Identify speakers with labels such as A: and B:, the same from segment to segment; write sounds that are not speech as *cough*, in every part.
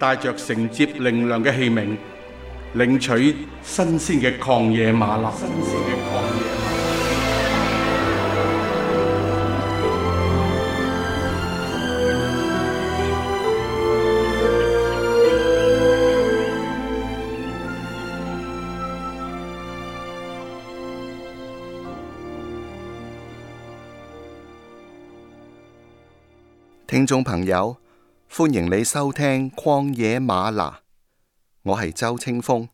A: 帶着承接靈糧嘅器皿，領取新鮮嘅曠野嗎哪。新鮮聽眾朋友。歡迎你收聽曠野嗎哪，我係周清風。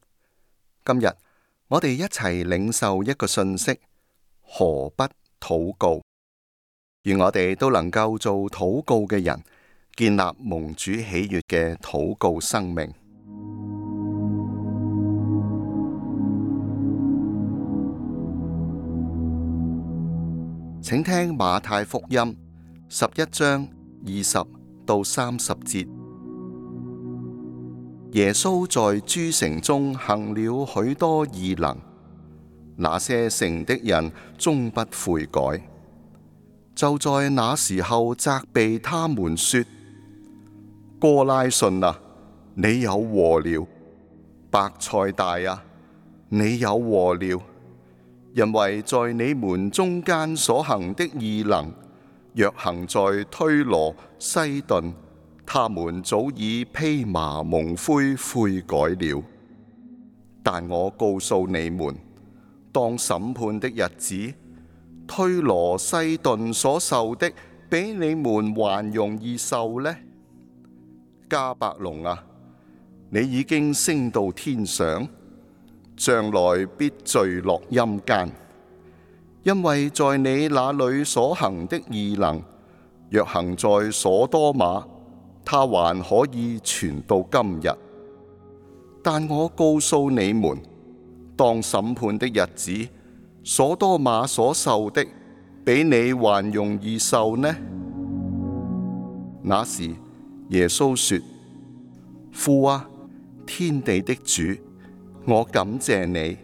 A: 今日我哋一齊領受一個訊息，何不禱告？願我哋都能夠做禱告嘅人，建立蒙主喜悅嘅禱告生命。請聽馬太福音十一章二十。到三十節，耶穌在諸城中行了許多異能，那些城的人終不悔改。就在那時候，責備他們說：哥拉遜啊，你有禍了！白菜大啊，你有禍了！因為在你們中間所行的異能。若行在推羅西頓，他們早已披麻蒙灰悔改了。但我告訴你們，當審判的日子，推羅西頓所受的，比你們還容易受呢。迦百農啊，你已經升到天上，將來必墜落陰間。因為在你那裏所行的異能，若行在所多瑪，它還可以傳到今日。但我告訴你們，當審判的日子，所多瑪所受的，比你還容易受呢。那時，耶穌說：父啊，天地的主，我感謝你。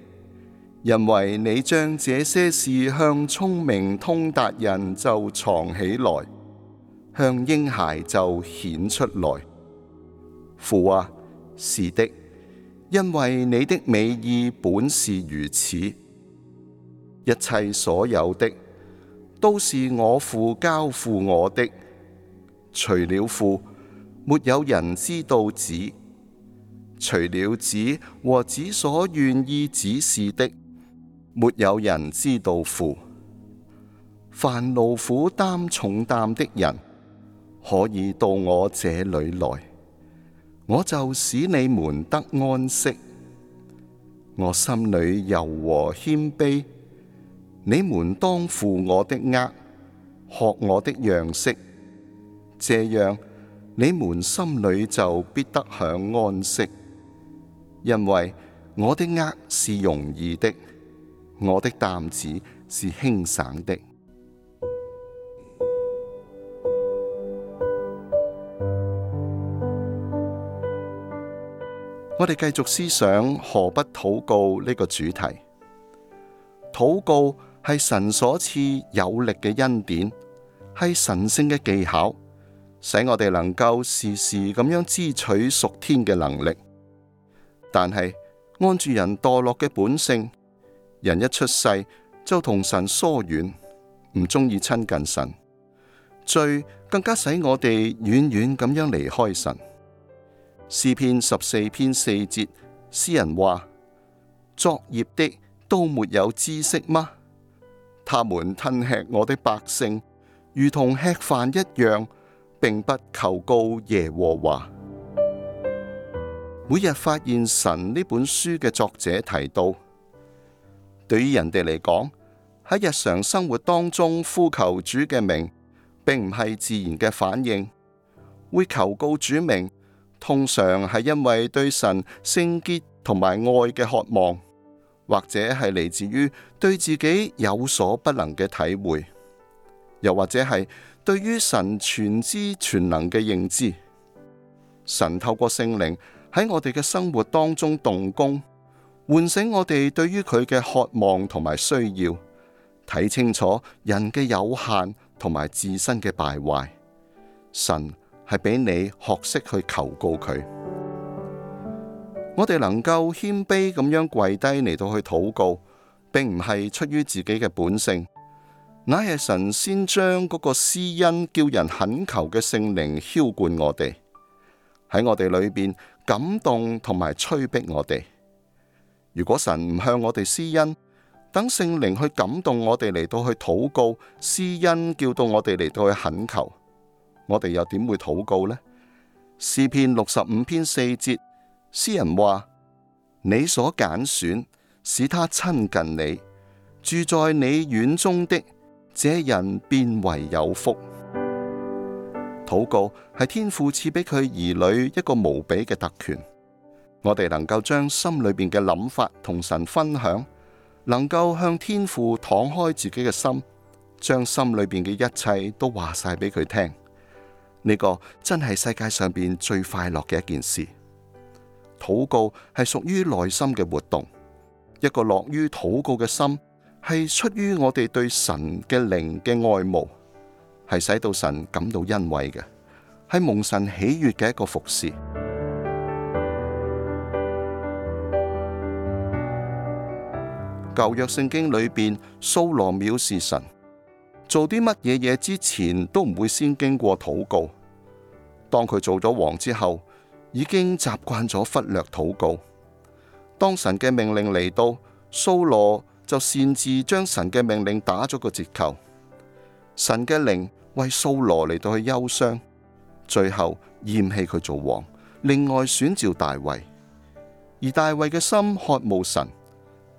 A: 因為你將這些事向聰明通達人就藏起來，向嬰孩就顯出來。父啊，是的，因為你的美意本是如此。一切所有的都是我父交付我的，除了父，沒有人知道子，除了子和子所願意指示的。沒有人知道苦，凡勞苦擔重擔的人，可以到我這裏來，我就使你們得安息。我心裏柔和謙卑，你們當負我的軛，學我的樣式，這樣你們心裏就必得享安息，因為我的軛是容易的。我的擔子是輕省的。 *noise* 我哋繼續思想，何不禱告呢個主題。禱告係神所賜有力嘅恩典，係神聖嘅技巧，使我哋能夠時時咁樣支取屬天嘅能力。但係按住人墮落嘅本性。人一出世就同神疏遠，唔中意親近神，罪更加使我哋遠遠咁樣離開神。詩篇十四篇四節，詩人話：作孽的都沒有知識嗎？他們吞喫我的百姓，如同喫飯一樣，並不求告耶和華。每日發現神呢本書嘅作者提到，對於人哋嚟講，喺日常生活當中呼求主嘅名，並唔係自然嘅反應。會求告主名，通常係因為對神聖潔同埋愛嘅渴望，或者係嚟自於對自己有所不能嘅體會，又或者係對於神全知全能嘅認知。神透過聖靈喺我哋嘅生活當中動工。喚醒我哋對於佢嘅渴望同埋需要，睇清楚人嘅有限同埋自身嘅敗壞。神係俾你學識去求告佢。我哋能夠謙卑咁樣跪低嚟到去禱告，並唔係出於自己嘅本性，乃係神先將嗰個施恩叫人懇求嘅聖靈澆灌我哋，喺我哋裏邊感動同埋催逼我哋。如果神唔向我哋施恩，等聖靈去感動我哋嚟到去禱告，施恩叫到我哋嚟到去懇求，我哋又點會禱告呢？詩篇六十五篇四節，詩人話：你所揀選，使他親近你，住在你院中的這人，便為有福。禱告係天父賜俾佢兒女一個無比嘅特權。我哋能夠將心裏邊嘅諗法同神分享，能夠向天父敞開自己嘅心，將心裏邊嘅一切都話晒俾佢聽，呢個真係世界上邊最快樂嘅一件事。禱告係屬於內心嘅活動，一個樂於禱告嘅心係出於我哋對神嘅靈嘅愛慕，係使到神感到欣慰嘅，係蒙神喜悅嘅一個服侍。舊約聖經裏邊，蘇羅藐視神，做啲乜嘢嘢之前都唔會先經過禱告。當佢做咗王之後，已經習慣咗忽略禱告。當神嘅命令嚟到，蘇羅就擅自將神嘅命令打咗個折扣。神嘅靈為蘇羅嚟到去憂傷，最後厭棄佢做王，另外選召大衛。而大衛嘅心渴慕神。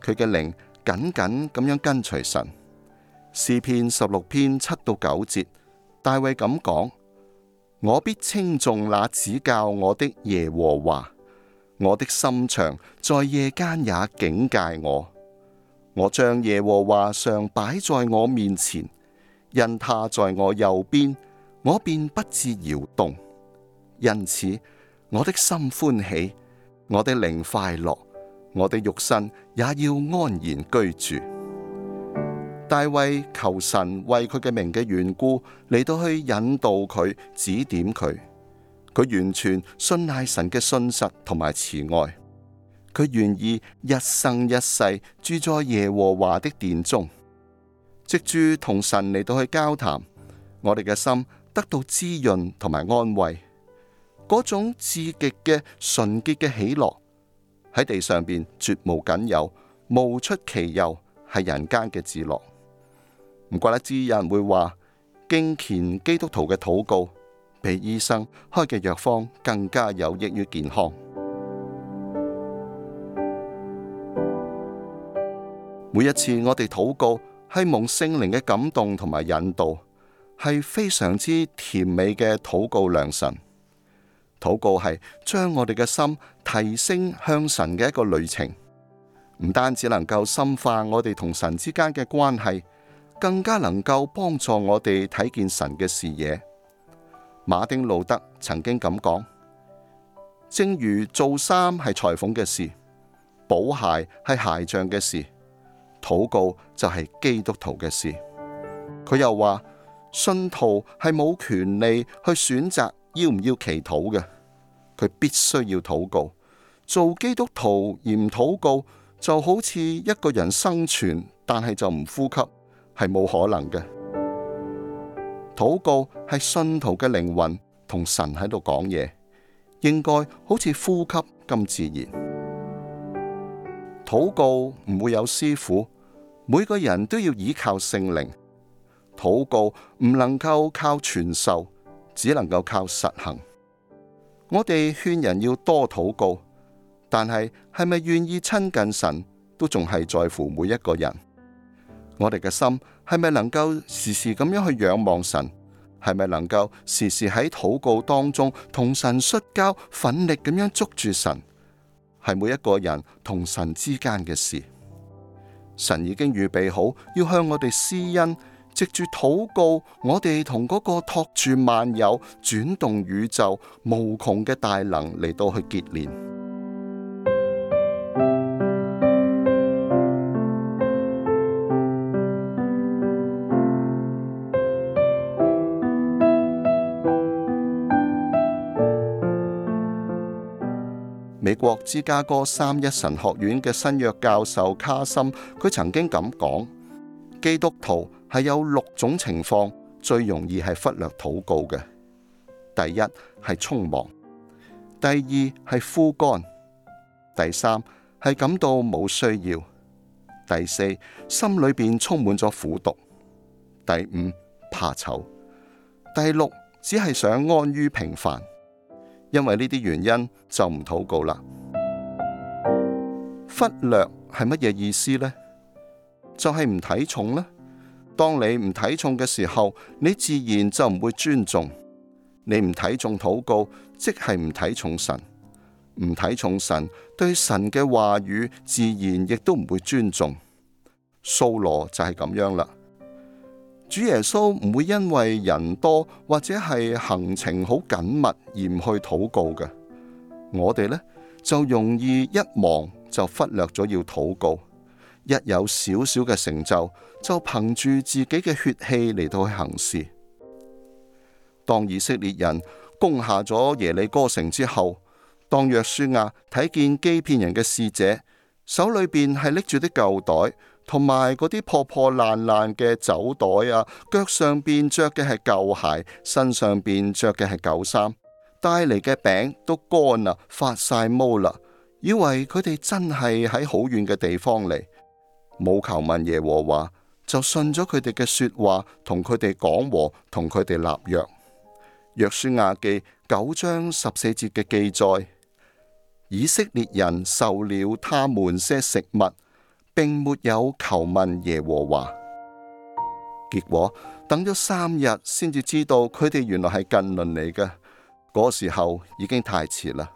A: 佢嘅靈緊緊咁樣跟隨神，詩篇十六篇七到九節，大衛咁講：我必稱頌那指教我的耶和華，我的心腸在夜間也警戒我。我將耶和華常擺在我面前，因他在我右邊，我便不致搖動。因此我的心歡喜，我的靈快樂，我的肉身。也要安然居住。大衛求神為佢嘅名嘅緣故嚟到去引導佢、指點佢。佢完全信賴神嘅信實同埋慈愛。佢願意一生一世住在耶和華的殿中，藉住同神嚟到去交談，我哋嘅心得到滋潤同埋安慰，嗰種至極嘅純潔嘅喜樂。喺地上面絕無僅有，無出其右，係人間嘅自樂。唔怪得之有人會話，敬虔基督徒嘅禱告，比醫生開嘅藥方更加有益於健康。每一次我哋禱告，係蒙聖靈嘅感動同埋引導，係非常之甜美嘅禱告，良神。禱告係將我哋嘅心提升向神嘅一個旅程，唔單止能夠深化我哋同神之間嘅關係，更加能夠幫助我哋睇見神嘅視野。馬丁路德曾經咁講：「正如做衫係裁縫嘅事，補鞋係鞋匠嘅事，禱告就係基督徒嘅事。」佢又話：「信徒係冇權利去選擇。」要唔要祈禱嘅？佢必須要禱告。做基督徒而唔禱告，就好似一個人生存但係就唔呼吸，係冇可能嘅。禱告係信徒嘅靈魂同神喺度講嘢，應該好似呼吸咁自然。禱告唔會有師傅，每個人都要倚靠聖靈。禱告唔能夠靠傳授。只能夠靠實行。我哋勸人要多禱告，但係係咪願意親近神，都仲係在乎每一個人。我哋嘅心係咪能夠時時咁樣去仰望神？係咪能夠時時喺禱告當中同神摔跤，奮力咁樣捉住神？係每一個人同神之間嘅事。神已經預備好要向我哋施恩。藉住禱告，我哋同嗰個托住萬有、轉動宇宙無窮嘅大能嚟到去結連。美國芝加哥三一神學院嘅新約教授卡森，佢曾經咁講。基督徒係有六種情況最容易係忽略禱告嘅。第一係匆忙，第二係枯乾，第三係感到冇需要，第四心裏面充滿咗苦毒，第五怕醜，第六只係想安於平凡，因為呢啲原因就唔禱告啦。忽略係乜嘢意思呢？就係唔睇重啦。當你唔睇重嘅時候，你自然就唔會尊重。你唔睇重禱告，即係唔睇重神。唔睇重神，對神嘅話語自然亦都唔會尊重。掃羅就係咁樣啦。主耶穌唔會因為人多或者係行程好緊密而唔去禱告嘅。我哋呢，就容易一忙就忽略咗要禱告。一有少少嘅成就，就憑住自己嘅血氣嚟到去行事。當以色列人攻下咗耶利哥城之後，當約書亞睇見基遍人嘅使者，手裏邊係拎住啲舊袋，同埋嗰啲破破爛爛嘅酒袋啊，腳上邊着嘅係舊鞋，身上邊着嘅係舊衫，帶嚟嘅餅都乾啦，發晒毛啦，以為佢哋真係喺好遠嘅地方嚟。冇求問耶和華，就信咗佢哋嘅說話，同佢哋講和，同佢哋立約。約書亞記九章十四節嘅記載，以色列人受了他們些食物，並沒有求問耶和華。結果等咗三日，先至知道佢哋原來係近鄰嚟嘅。嗰時候已經太遲啦。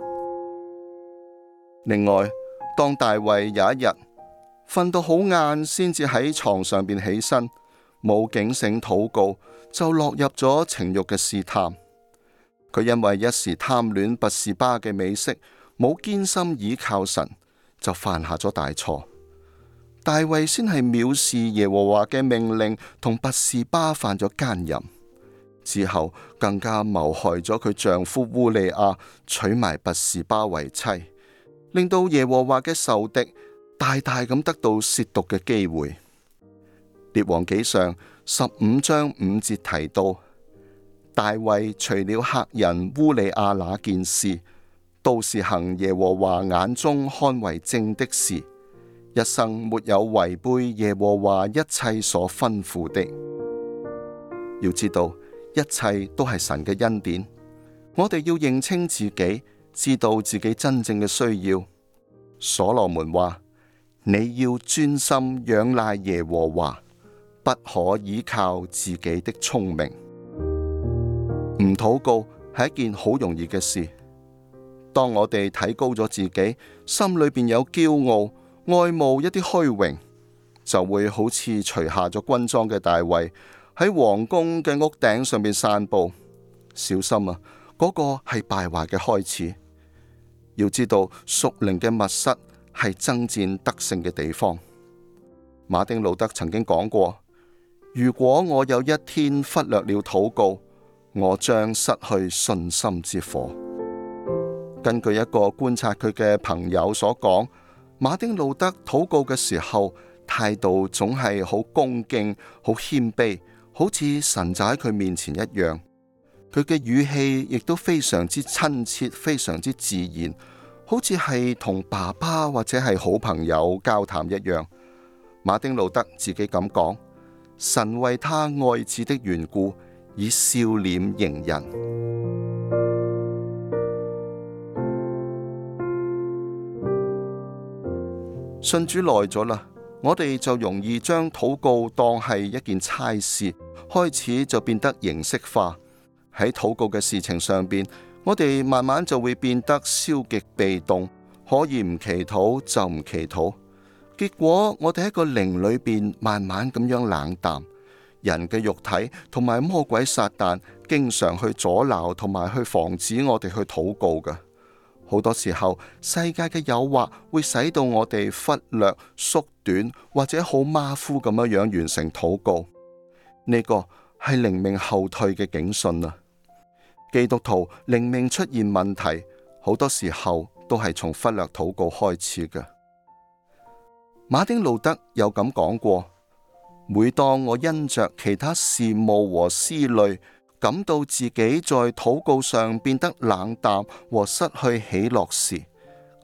A: 另外，當大衛有一日，瞓到好晏先至喺床上邊起身，冇警醒禱告，就落入咗情欲嘅試探。佢因為一時貪戀拔士巴嘅美色，冇堅心倚靠神，就犯下咗大錯。大衛先係藐視耶和華嘅命令，同拔士巴犯咗奸淫，之後更加謀害咗佢丈夫烏利亞，娶埋拔士巴為妻，令到耶和華嘅仇敵。大大咁得到褻瀆嘅機會。《列王記上》十五章五節提到，大衛除了客人烏利亞那件事，都是行耶和華眼中看為正的事，一生沒有違背耶和華一切所吩咐的。要知道，一切都係神嘅恩典。我哋要認清自己，知道自己真正嘅需要。所羅門話。你要專心仰賴耶和華，不可依靠自己的聰明。唔禱告係一件好容易嘅事。當我哋睇高咗自己，心裏邊有驕傲、愛慕一啲虛榮，就會好似除下咗軍裝嘅大衛喺王宮嘅屋頂上面散步。小心啊，嗰、嗰個係敗壞嘅開始。要知道屬靈嘅密室，係爭戰得勝嘅地方。馬丁路德曾經講過：如果我有一天忽略了禱告，我將失去信心之火。根據一個觀察佢嘅朋友所講，馬丁路德禱告嘅時候態度總係好恭敬、好謙卑，好似神就喺佢面前一樣。佢嘅語氣亦都非常之親切、非常之自然。好似係同爸爸或者係好朋友交談一樣，馬丁路德自己咁講：神為他愛子的緣故，以笑臉迎人。信主耐咗啦，我哋就容易將禱告當係一件差事，開始就變得形式化喺禱告嘅事情上面。我哋慢慢就會變得消極被動，可以唔祈禱就唔祈禱，結果我哋喺個靈裏邊慢慢咁樣冷淡。人嘅肉體同埋魔鬼撒旦經常去阻撓同埋去防止我哋去禱告嘅，好多時候世界嘅誘惑會使到我哋忽略、縮短或者好馬虎咁樣樣完成禱告。呢個係靈命後退嘅警訊啊！基督徒靈命出現問題，好多時候都係從忽略禱告開始嘅。馬丁路德有咁講過：每當我因着其他事務和思慮，感到自己在禱告上變得冷淡和失去喜樂時，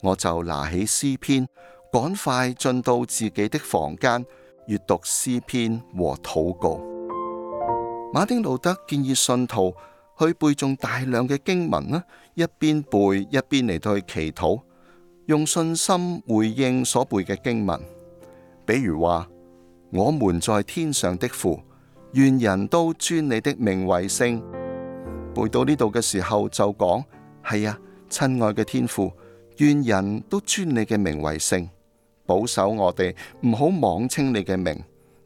A: 我就拿起詩篇，趕快進到自己的房間，閱讀詩篇和禱告。馬丁路德建議信徒。去背誦大量嘅經文啦，一邊背一邊嚟到去祈禱，用信心回應所背嘅經文。比如話，我們在天上的父，願人都尊你的名為聖。背到呢度嘅時候就講係啊，親愛嘅天父，願人都尊你嘅名為聖，保守我哋唔好妄稱你嘅名，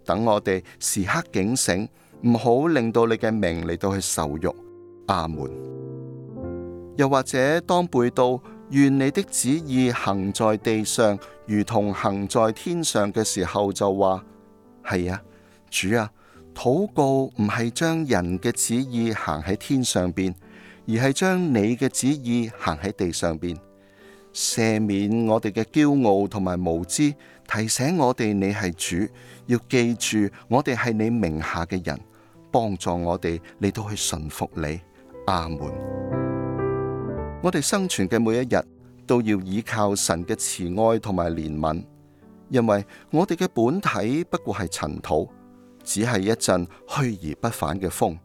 A: 等我哋時刻警醒，唔好令到你嘅名嚟到去受辱。亞門，又或者當背到，願你的旨意行在地上，如同行在天上嘅時候，就話係啊，主啊，禱告唔係將人嘅旨意行喺天上邊，而係將你嘅旨意行喺地上邊。赦免我哋嘅驕傲同埋無知，提醒我哋你係主，要記住我哋係你名下嘅人，幫助我哋你都去順服你。阿門！我哋生存嘅每一日都要依靠神嘅慈愛同埋憐憫，因為我哋嘅本體不過係塵土，只係一陣虛而不返嘅風，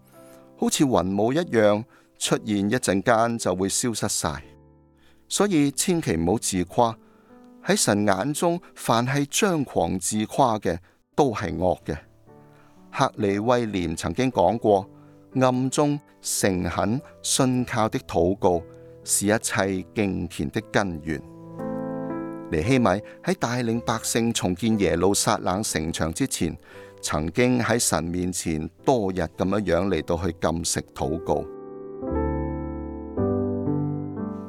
A: 好似雲霧一樣，出現一陣間就會消失晒。所以千祈唔好自誇，喺神眼中，凡係張狂自誇嘅都係惡嘅。克利威廉曾經講過。暗中誠懇信靠的禱告，是一切敬虔的根源。尼希米喺帶領百姓重建耶路撒冷城牆之前，曾經喺神面前多日咁樣樣嚟到去禁食禱告。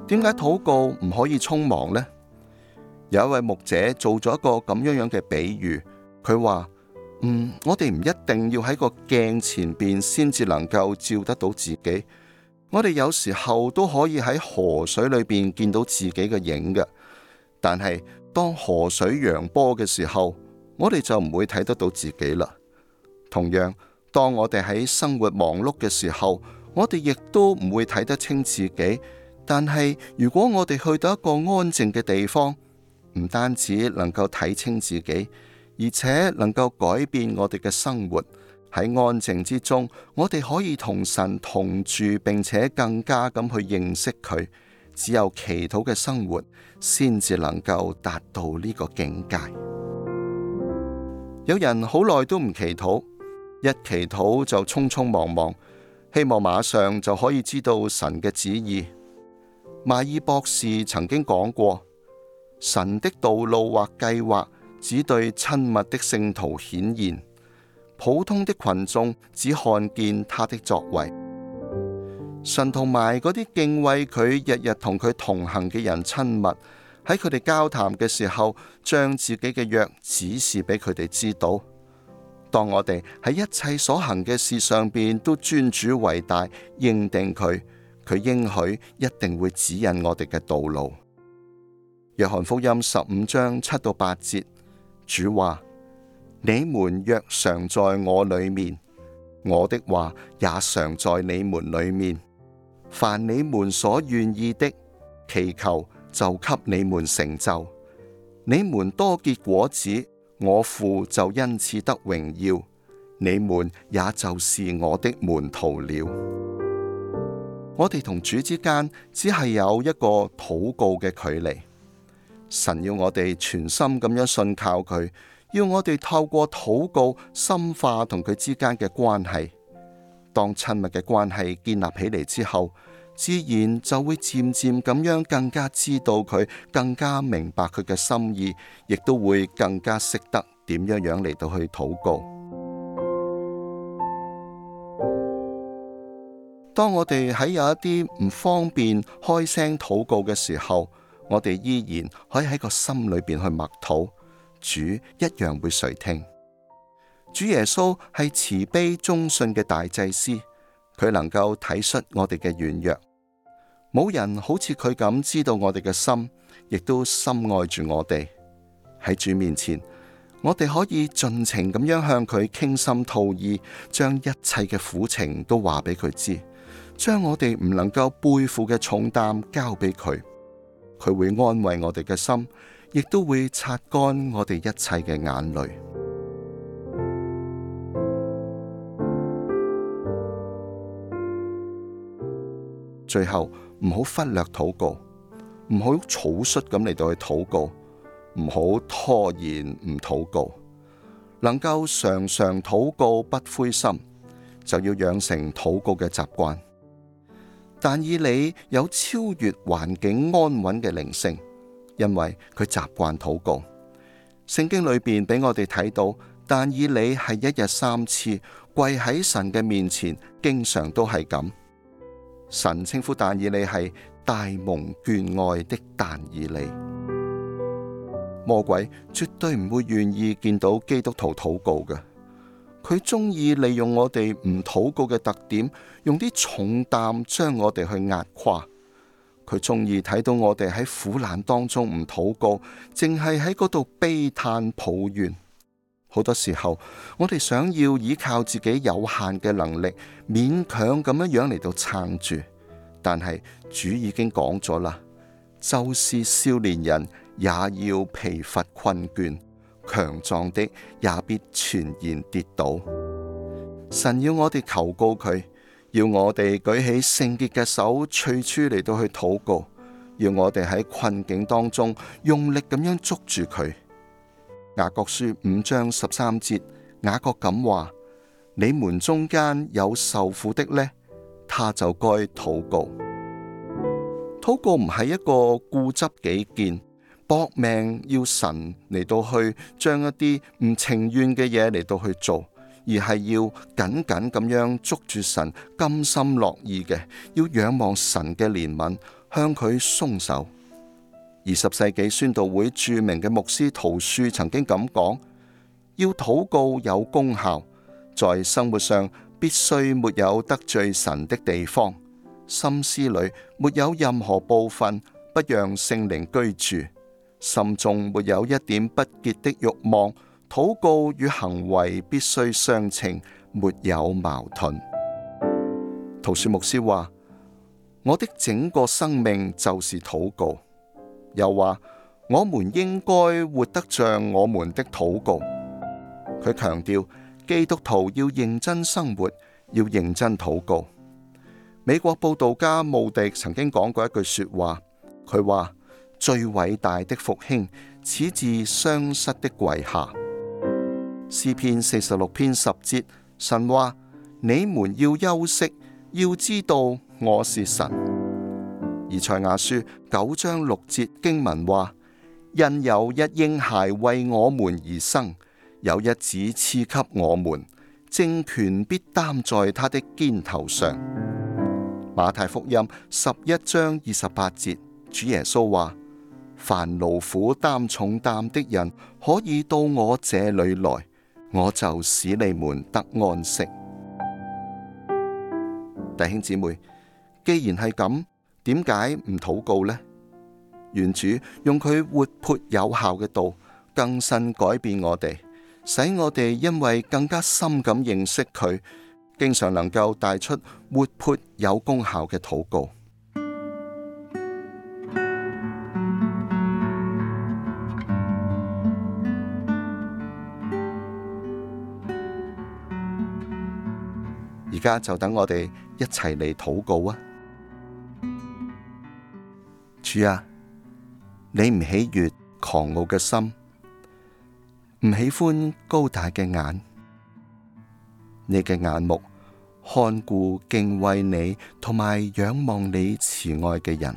A: 點解禱告唔可以匆忙呢？有一位牧者做咗一個咁樣樣嘅比喻，佢話。嗯，我哋唔一定要喺個鏡前邊先至能夠照得到自己，我哋有時候都可以喺河水裏邊見到自己嘅影嘅。但係當河水揚波嘅時候，我哋就唔會睇得到自己啦。同樣，當我哋喺生活忙碌嘅時候，我哋亦都唔會睇得清自己。但係如果我哋去到一個安靜嘅地方，唔單止能夠睇清自己。而且能夠改變我哋嘅生活。喺安靜之中，我哋可以同神同住，並且更加咁去認識佢。只有祈禱嘅生活，先至能夠達到呢個境界。 *music* 有人好耐都唔祈禱，一祈禱就匆匆忙忙，希望馬上就可以知道神嘅旨意。邁爾博士曾經講過，神的道路或計劃。只對親密的聖徒顯現，普通的群眾只看見他的作為。神同埋嗰啲敬畏佢、日日同佢同行嘅人親密，喺佢哋交談嘅時候，將自己嘅約指示俾佢哋知道。當我哋喺一切所行嘅事上邊都尊主為大，認定佢，佢應許一定會指引我哋嘅道路。約翰福音十五章七到八節。主話：你們若常在我裏面，我的話也常在你們裏面。凡你們所願意的，祈求就給你們成就。你們多結果子，我父就因此得榮耀。你們也就是我的門徒了。我哋同主之間只係有一個禱告嘅距離。神要我哋全心咁樣信靠佢，要我哋透過禱告深化同佢之間嘅關係。當親密嘅關係建立起嚟之後，自然就會漸漸咁樣更加知道佢，更加明白佢嘅心意，亦都會更加識得點樣樣嚟到去禱告。當我哋喺有一啲唔方便開聲禱告嘅時候，我哋依然可以喺個心裏邊去默禱，主一樣會垂聽。主耶穌係慈悲忠信嘅大祭司，佢能夠體恤我哋嘅軟弱，冇人好似佢咁知道我哋嘅心，亦都深愛住我哋。喺主面前，我哋可以盡情咁樣向佢傾心吐意，將一切嘅苦情都話俾佢知，將我哋唔能夠背負嘅重擔交俾佢。佢會安慰我哋嘅心，亦都會擦乾我哋一切嘅眼淚。最後，唔好忽略禱告，唔好草率咁嚟到去禱告，唔好拖延唔禱告。能夠常常禱告不灰心，就要養成禱告嘅習慣。但以理有超越環境安穩嘅靈性，因為佢習慣禱告。聖經裏邊俾我哋睇到，但以理係一日三次跪喺神嘅面前，經常都係咁。神稱呼但以理係大蒙眷愛的但以理。魔鬼絕對唔會願意見到基督徒禱告嘅。佢中意利用我哋唔禱告嘅特點，用啲重擔將我哋去壓垮。佢中意睇到我哋喺苦難當中唔禱告，淨係喺嗰度悲嘆抱怨。好多時候，我哋想要依靠自己有限嘅能力，勉強咁樣樣嚟到撐住。但係主已經講咗啦，就是少年人也要疲乏困倦。強壯的也必全然跌倒。神要我哋求告佢，要我哋舉起聖潔嘅手，隨處嚟到去禱告，要我哋喺困境當中用力咁樣捉住佢。雅各書五章十三節，雅各咁話：你們中間有受苦的呢，他就該禱告。禱告唔係一個固執己見。搏命要神嚟到去將一啲唔情願嘅嘢嚟到去做，而係要緊緊咁樣捉住神，甘心樂意嘅，要仰望神嘅憐憫，向佢鬆手。二十世紀宣道會著名嘅牧師陶恕曾經咁講：要禱告有功效，在生活上必須沒有得罪神的地方，心思裏沒有任何部分不讓聖靈居住。心中沒有一點不潔的欲望，禱告與行為必須相稱，沒有矛盾。桃樹牧師話：我的整個生命就是禱告。又話：我們應該活得像我們的禱告。佢強調基督徒要認真生活，要認真禱告。美國布道家慕迪曾經講過一句說話，佢話。最偉大的復興，始自傷失的跪下。詩篇四十六篇十節，神話，你們要休息，要知道我是神。以賽亞書九章六節經文話：因有一嬰孩為我們而生，有一子賜給我們，政權必擔在他的肩頭上。馬太福音十一章二十八節，主耶穌話：凡勞苦擔重擔的人，可以到我這裏來，我就使你們得安息。弟兄姊妹，既然係咁，點解唔禱告呢？願主用佢活潑有效嘅道更新改變我哋，使我哋因為更加深咁認識佢，經常能夠帶出活潑有功效嘅禱告。家就等我哋一齊嚟禱告啊！主啊，你唔喜悅狂傲嘅心，唔喜歡高大嘅眼。你嘅眼目看顧敬畏你同埋仰望你慈愛嘅人。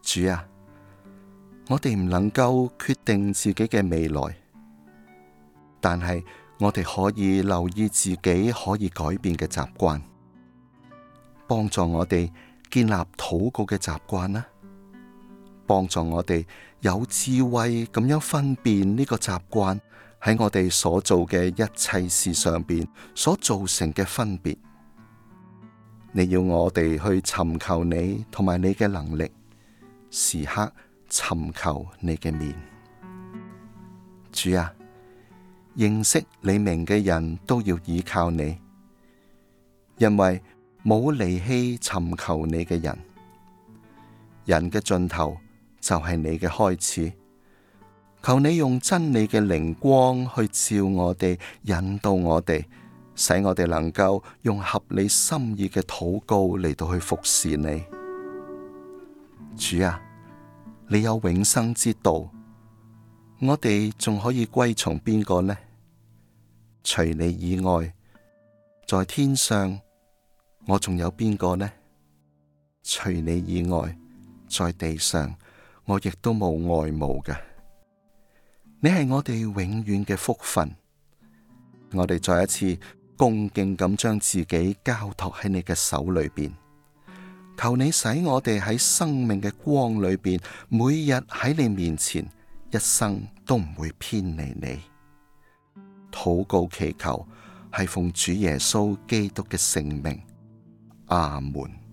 A: 主啊，我哋唔能夠決定自己嘅未來，但係，我哋可以留意自己可以改變嘅習慣，幫助我哋建立禱告嘅習慣啦，幫助我哋有智慧咁樣分辨呢個習慣喺我哋所做嘅一切事上面所造成嘅分別。你要我哋去尋求你，同埋你嘅能力，時刻尋求你嘅面，主啊。認識你名嘅人都要倚靠你，因為冇離棄尋求你嘅人。人嘅盡頭就係你嘅開始。求你用真理嘅靈光去照我哋，引導我哋，使我哋能夠用合你心意嘅禱告嚟到去服侍你。主啊，你有永生之道，我哋仲可以歸從邊個呢？除你以外，在天上我仲有邊個呢？除你以外，在地上我亦都冇外務嘅。你係我哋永遠嘅福分。我哋再一次恭敬咁將自己交託喺你嘅手裏邊，求你使我哋喺生命嘅光裏邊，每日喺你面前，一生都唔會偏離你。禱告祈求，係奉主耶穌基督嘅聖名，阿門。